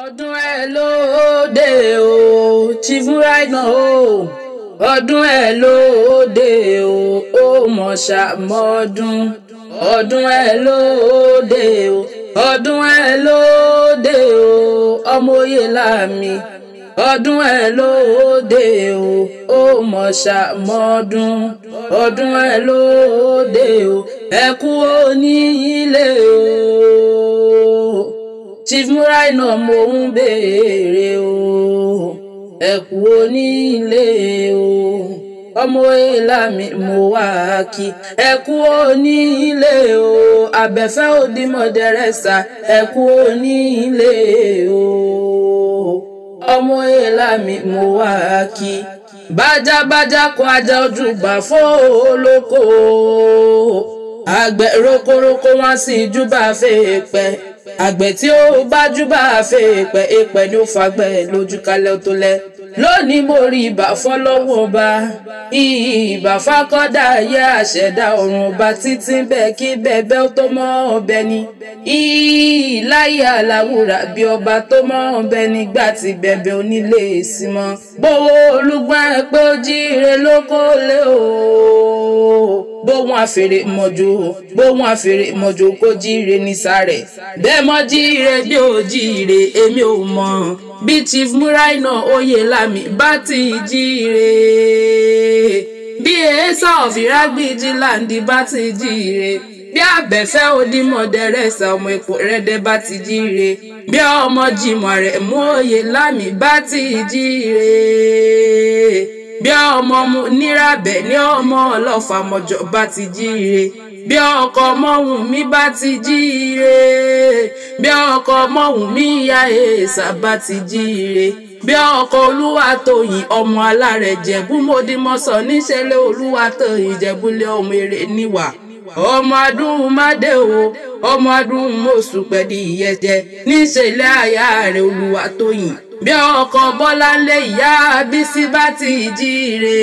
ọdún ẹ ló dé o Chief Rhino o ọdún ẹ ló dé o ó mọ ṣàmọdún ọdún ẹ ló dé o ọdún ẹ ló dé o ọmọ òye láàmì ọdún ẹ ló dé o ó mọ ṣàmọdún ọdún ẹ ló dé o ẹ kú oníyìí lé o. Chief Muraina mo ń béèrè o ẹkú onílé o ọmọ èèlà mi mo wá kí ẹkú onílé o abẹ́fẹ́ òdìmọ̀dẹ́rẹ́sà ẹkú onílé o ọmọ èèlà mi mo wá kí bájábájá kọ ajá ojú gbà fóolóko àgbẹ̀ rokoroko wọn sì júbà fèèpẹ́. àgbẹ̀ tí ó bájúbà fẹ́ èpẹ̀ èpẹ̀ ni ó fagbẹ́ lójú kalẹ̀ tó lẹ̀ lónìí mo rí ìbà fọlọ́wọ́ ọba ìbà fákọ́dà yẹ àṣẹ̀dá ọ̀run ọba títí bẹ́ẹ̀ kí bẹ́ẹ̀bẹ́ tó mọ́ ọbẹ̀ ni ìláyà aláwùrà bí ọba tó mọ́ ọbẹ̀ nígbà tí bẹ̀bẹ̀ onílé èsì mọ́ gbowó olúgbọ́n ẹ pé ó jíire lóko lé o bóun àfèrè mọ̀jò bóun àfèrè mọ̀jò kó jíire ní sárẹ̀. bẹ́ẹ̀ mọ jíire bí ò jíire èmi ò mọ̀ bí Chief Muraina Oyelami bá ti jíire bí èésà ọ̀fìrágbì jíláǹdì bá ti jíire bí àbẹ̀fẹ́ onímọ̀dẹ́rẹ́sà ọmọ epo rẹ́dẹ́ bá ti jíire bí ọmọ jìmọ̀ rẹ̀ mú òye lámì bá ti jíire bí ọmọ nírabẹ̀ ní ọmọ ọlọ́fà mọ̀jọ bá ti jíire bí ọkọ mọ́hùn mi bá ti jíire bí ọkọ mọ́hùn mi ìyá èèṣà bá ti jíire bí ọkọ Olúwatóyìn ọmọ alárẹ̀jẹ̀ búmọdìmọsọ níṣẹ̀lẹ̀ Olúwatóyìn Ìjẹ̀bú-Ilé ọmọ èrè níwà ọmọ adúhùn mádé o ọmọ adúhùn mọ̀ọ́sù pẹ̀lú ìyẹ́jẹ níṣẹ̀lẹ̀ àyà rẹ̀ Olúwatóyìn bí ọkọ Bọ́láńlé ìyá Bísí bá ti jíire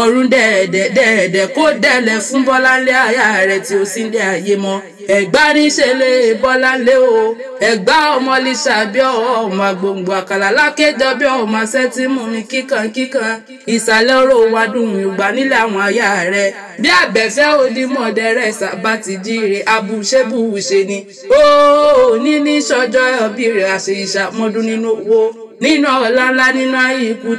ọ̀run dẹ̀ẹ̀dẹ̀ dẹ̀ẹ̀dẹ̀ kó dẹ̀lẹ̀ fún bọ́láńlé aya rẹ̀ tí ó sì ń lé ayé mọ́ ẹ̀gbá níṣẹ̀lẹ̀ bọ́láńlé o ẹ̀gbá ọmọlíṣà bí ọmọ agbóngbò àkàlà lákéjọ bí ọmọ sẹ́tìmù mi kíkan kíkan ìsàlẹ̀ oró wa dùn ìgbà nílẹ̀ àwọn aya rẹ̀ bí àbẹ̀fẹ́ onímọ̀dẹ́rẹ́ sábà ti jíire abùṣebùṣe ni ó ní ní sọjọ́ ọbí rẹ̀ àṣẹ ìṣàmọ́dún nínú owó nínú ọ̀la ńlá nínú àìkú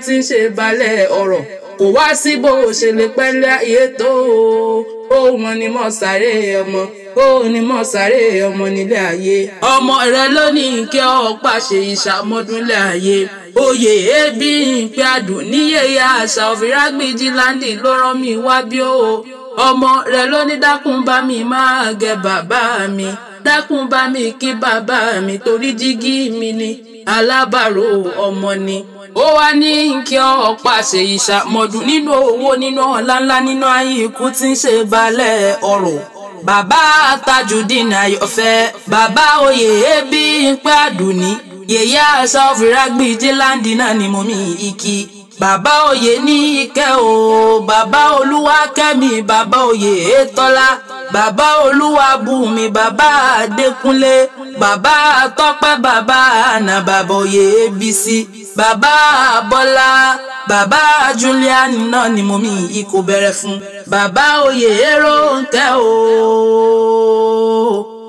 kò wá sí bó o ṣe lè pẹ́ láyé tó o ó ni mo sáré ọmọ ó ní mo sáré ọmọ nílé ayé. ọmọ rẹ ló ní kí ọ pàṣẹ ìṣàmọdúnlé ayé oyè ebi ìpè àdùn níyẹyẹ àṣà òfìrágbèjì láńdì ló rán mi wá bí ó ọmọ rẹ ló ní dákun bá mi máa gẹ bàbá mi dákun bá mi kí bàbá mi torí jígí mi ni alábàárò ọmọ ni ó wá ní kí ọ̀pá ṣe ìṣàmọ̀dún nínú owó nínú ọ̀la ńlá nínú ayé ikú tí ń ṣe balẹ̀ ọ̀rọ̀ bàbá tajudeen ayọ̀fẹ́ bàbá oyè ebi ipa dùnní yèyé àṣà òfìrágbì jíláńdì náà ni mo mi ìkí bàbá oyè ní ìkẹ́ o bàbá olúwakẹ́mi bàbá oyè ètọ́lá bàbá olúwabùnmi bàbá adékúnlé bàbá tọ́pẹ́ bàbá àná bàbá oyè abc bàbá Bọ́lá bàbá Julian náà ni mo mi yìí kò bẹ̀rẹ̀ fún bàbá oyè èrò ń tẹ́ o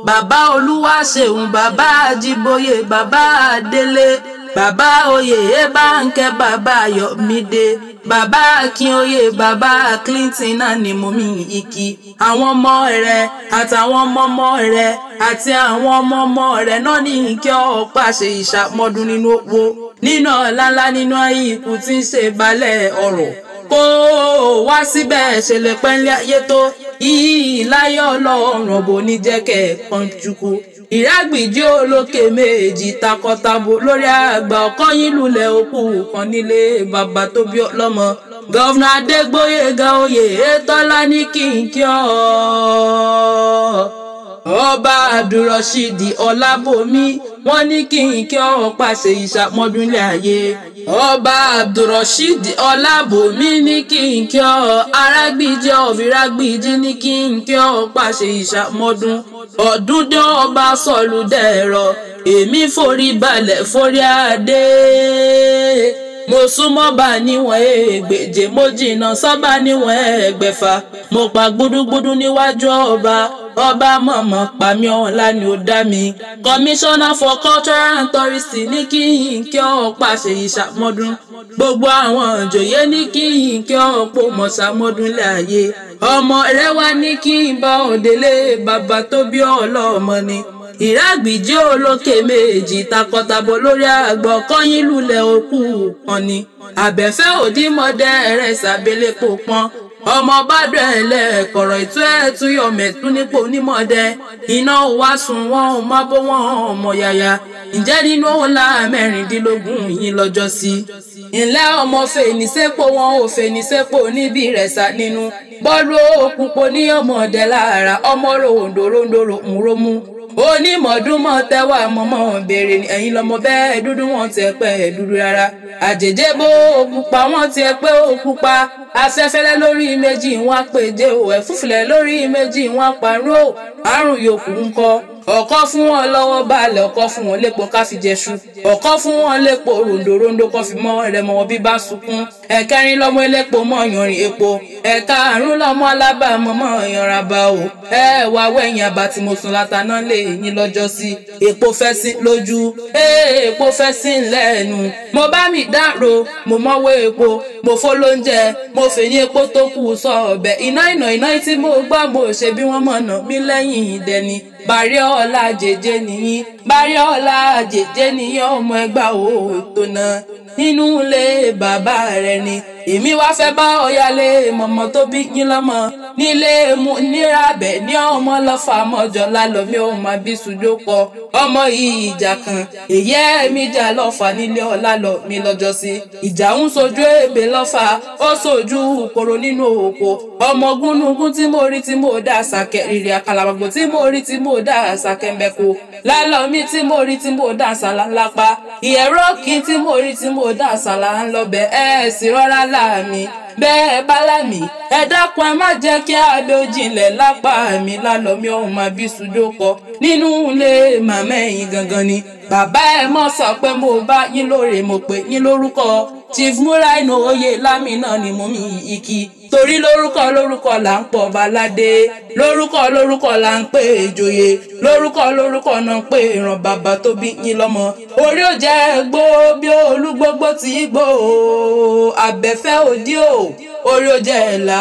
bàbá Olúwaṣeun bàbá Ajíbóyè bàbá Délé bàbá oyè Bánkẹ́ bàbá Yọ̀mídé bàbá Akínóyè bàbá Clinton náà ni mo mi ìkí àwọn ọmọ rẹ̀ àtàwọn ọmọ ọmọ rẹ̀ àti àwọn ọmọ ọmọ rẹ̀ náà ní ìkẹ́ ọ̀pá ṣe ìṣàmọ́dún nínú owó nínà ńláńlá nínú ikú tí ń ṣe balẹ̀ ọ̀rọ̀ kó wá síbẹ̀ ṣẹlẹ̀ pẹ́ńlẹ́ ayé tó yìí láyé ọlọ́run ọ̀bọ níjẹ́kẹ̀ pọ́njúkú ìrágbìjí olókè méjì takọtabo lórí àgbà ọkàn yín lulẹ̀ òkú kan nílé bàbá tó bí ọlọ́mọ gọ́vnà adégbóyèga oyè ètọ́lá ní kìnkì ọ́ ọba abdulrasheed ọlábòmí wọ́n ní kí n kí ọ pàṣẹ ìṣàpọ́ndúnlé ayé. ọba abdulrasheed ọlábòmí ní kí n kí ọ arágbíjẹ ọ̀fìrágbíjì ní kí n kí ọ pàṣẹ ìṣàpọ́ndún. ọ̀dúndé ọba sọ̀lù dẹ̀rọ̀ èmi forí balẹ̀ forí adé mo súnmọ́ bá níwọ̀n ègbèje mo jìnnà sọ́ba níwọ̀n ẹgbẹ̀fà mo pa gbúdúgbúdú níwájú ọba ọba mọ̀mọ́ pàmí ọ̀la ni ó dá mi. kọmíṣánná for cultural and tourism ní kí n kí ọ pàṣẹ ìṣàmọ́dún gbogbo àwọn òjòyé ní kí n kí ọ pò mọ̀ ṣàmọ́dún láàyè ọmọ rẹ ní kí n bá òdèlé bàbá tó bí ọlọ́mọ ni ìrágbìjí olókè méjì takọtabo lórí àgbọ̀ kọ́yìn lulẹ̀ òkú kan ni àbẹ̀fẹ́ òdìmọ̀dẹ́ rẹ̀ sàbẹ̀lẹ̀ kò pọn ọmọ bá dẹ̀lẹ̀ kọ̀rọ̀ ètò ẹ̀tú yọ̀mẹ̀tún nípò onímọ̀dẹ iná wa sùn wọn ò má bó wọn ọmọ yàyà ǹjẹ́ nínú ọ̀la mẹ́rìndínlógún yìí lọ́jọ́ sí. ńlẹ́ ọmọ fèníṣẹ́pọ̀ wọn ò fèníṣẹ́pọ̀ níbi rẹ̀ sá nínú bọ́ọ̀lù òkùnkùn ní ọmọdé lára ọmọ ròǹdòròǹdòrò ń romú onímọ̀ọ́dúnmọ̀ tẹ́wà mọ́mọ́ béèrè ni ẹ̀yin lọ́mọ bẹ́ẹ̀ dúdú wọn ti ẹ̀ pẹ́ ẹ̀ dúdú rárá àjèjé bó o pupa wọn ti ẹ̀ pé o pupa afẹ́fẹ́lẹ́ lórí méjì wọn á pèjé o ẹ̀fúfùlẹ̀ lórí méjì wọn á parun o àrùn yòókù ńkọ́ ọ̀kan fún wọn lọ́wọ́ balẹ̀ ọ̀kan fún wọn lépo ká fi jẹṣu ọ̀kan fún wọn lépo rondòrondò kan fi mọ́ ẹrẹ̀mọ wọn bí bá sunkún ẹ̀kẹrin lọ́mọ elépo mọ́ yanrìn epo ẹ̀karùn lọ́mọ alábàámọ́ mọ́ yanra bá o ẹ wá wẹ̀yìn àbá tí mo sùn látàná lè yín lọ́jọ́ sí epo fẹ́ sí lójú epo fẹ́ sí lẹ́nu mo bá mi dárò mo mọ́wọ́ epo mo fó lóúnjẹ mo fèyìn epo tó kù sọ ọ̀bẹ iná ìnà iná tí mo gbọ́ mo ṣe bí wọ́n mọ̀nà mi lẹ́yìn ìdẹni Bariola jèjé nìyí Bàríọ́lá jèjé nìyí ọmọ Ẹ̀gbá òtò náà nínú ilé bàbá rẹ̀ ni èmi wá fẹ́ bá ọ̀yálé mọ̀mọ́ tó bí yín lọ́mọ nílé mu nírabẹ̀ ní ọmọ lọ́fà mọ́jọ lálọ́mí òun máa bí sùjó pọ̀ ọmọ yìí ìjà kan èyí ẹ̀mí jà lọ́fà nílé ọ̀la lọ mi lọ́jọ́ sí ìjà ń sojú èbè lọ́fà ó sojú kòrò nínú òkò ọmọ gúnugún tí mo rí tí mo dá àsàkẹ́ rírì àkàlàmọ̀gbò tí mo rí tí mo dá àsàkẹ́ mbẹ́kọ lálọ́mí tí mo rí tí mo dá àsàlá ńlápá ìyẹ̀rọ̀ kí tí mo rí tí mo dá àsàlá ńlọbẹ̀ ẹ̀ẹ́sì rọ́rá lá lára mi bẹ́ẹ̀ bá lámì ẹ dákun ẹ má jẹ́ kí abẹ́ òjìnlẹ̀ lápá mi lálọ́mí ọ̀hún máa bí sùdókọ nínú ilé màmá ẹ̀yìn gangan ni bàbá ẹ mọ̀ sọ pé mo bá yín lóore mo pè yín lórúkọ chief muraino oyè lámìnà ni mú mi ìkí torí lórúkọ lórúkọ là ń pọ̀ baládé lórúkọ lórúkọ là ń pè ìjòyè lórúkọ lórúkọ náà ń pè ìran bàbá tó bí yín lọ́mọ. orí ò jẹ́ gbó bí olúgbógbó ti gbó abẹ́fẹ́ òdí o orí ó jẹ́ ẹ̀là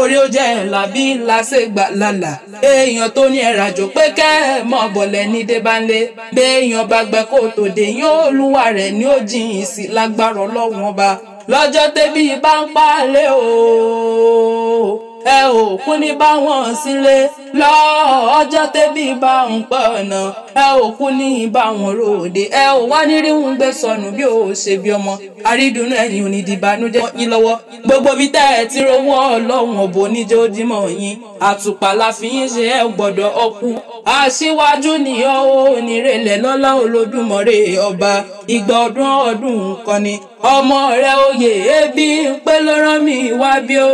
orí ó jẹ́ ẹ̀là bí ńlá ṣe gbà lálà èèyàn tó ní ẹ̀rà jò pé kẹ́ ẹ̀ mọ̀ bọ̀lẹ̀ ní débánlé béèyàn bá gbẹ kó tó dé yín olúwa rẹ̀ ní ó jìyìn sí lágbára ọlọ́wọ́n ọba lọ́jọ́ tẹ́bí bá ń pàálẹ̀ o ẹ ò kú ní bá wọn sílé lọ́ọ́ ọjọ́ tẹ́bí bá ń pọ̀ náà ẹ ò kú ní bá wọn ròde ẹ ò wá ní ríhun gbé sọnù bí ò ṣe bí ọmọ àrídùnnú ẹ̀yìn ò ní dìbànújẹ́ yín lọ́wọ́ gbogbo bí tẹ́ ẹ ti rówó ọlọ́run ọ̀bọ oníjó yín àtùpà la fi yín ṣe ẹ gbọ́dọ̀ ọkú aṣíwájú ni ó nírèlẹ̀ lọ́lá Olódùmarè ọba ìgbà ọdún ọdún kan ni ọmọ rẹ oyè ebi ń pé ló mi wá bí o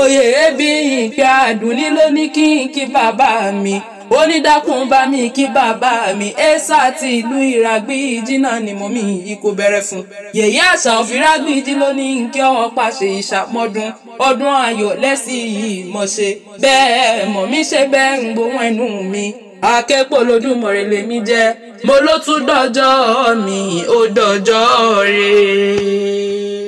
oyè ebi ìgbà àdùnní ló ní kí n kí bàbá mi onídàkùn bá mi kí bàbá mi ẹ̀sà ti ìlú ìràgbìjì náà ni mọ̀mí yìí kò bẹ̀rẹ̀ fún. yèyé àṣà òfìràgbìjì ló ní kí ọ̀hún pàṣẹ ìṣàmọ́dún ọdún ayọ̀ lẹ́sìn yìí mọ̀ ṣe bẹ́ẹ̀ mọ̀mí ṣe bẹ́ẹ̀ ń gbóhùn ẹnu mi akẹ́pọ̀ lódùmọ̀rè lèmi jẹ́ mo ló tún dọ́jọ́ mi ó dọ́jọ́ rèé.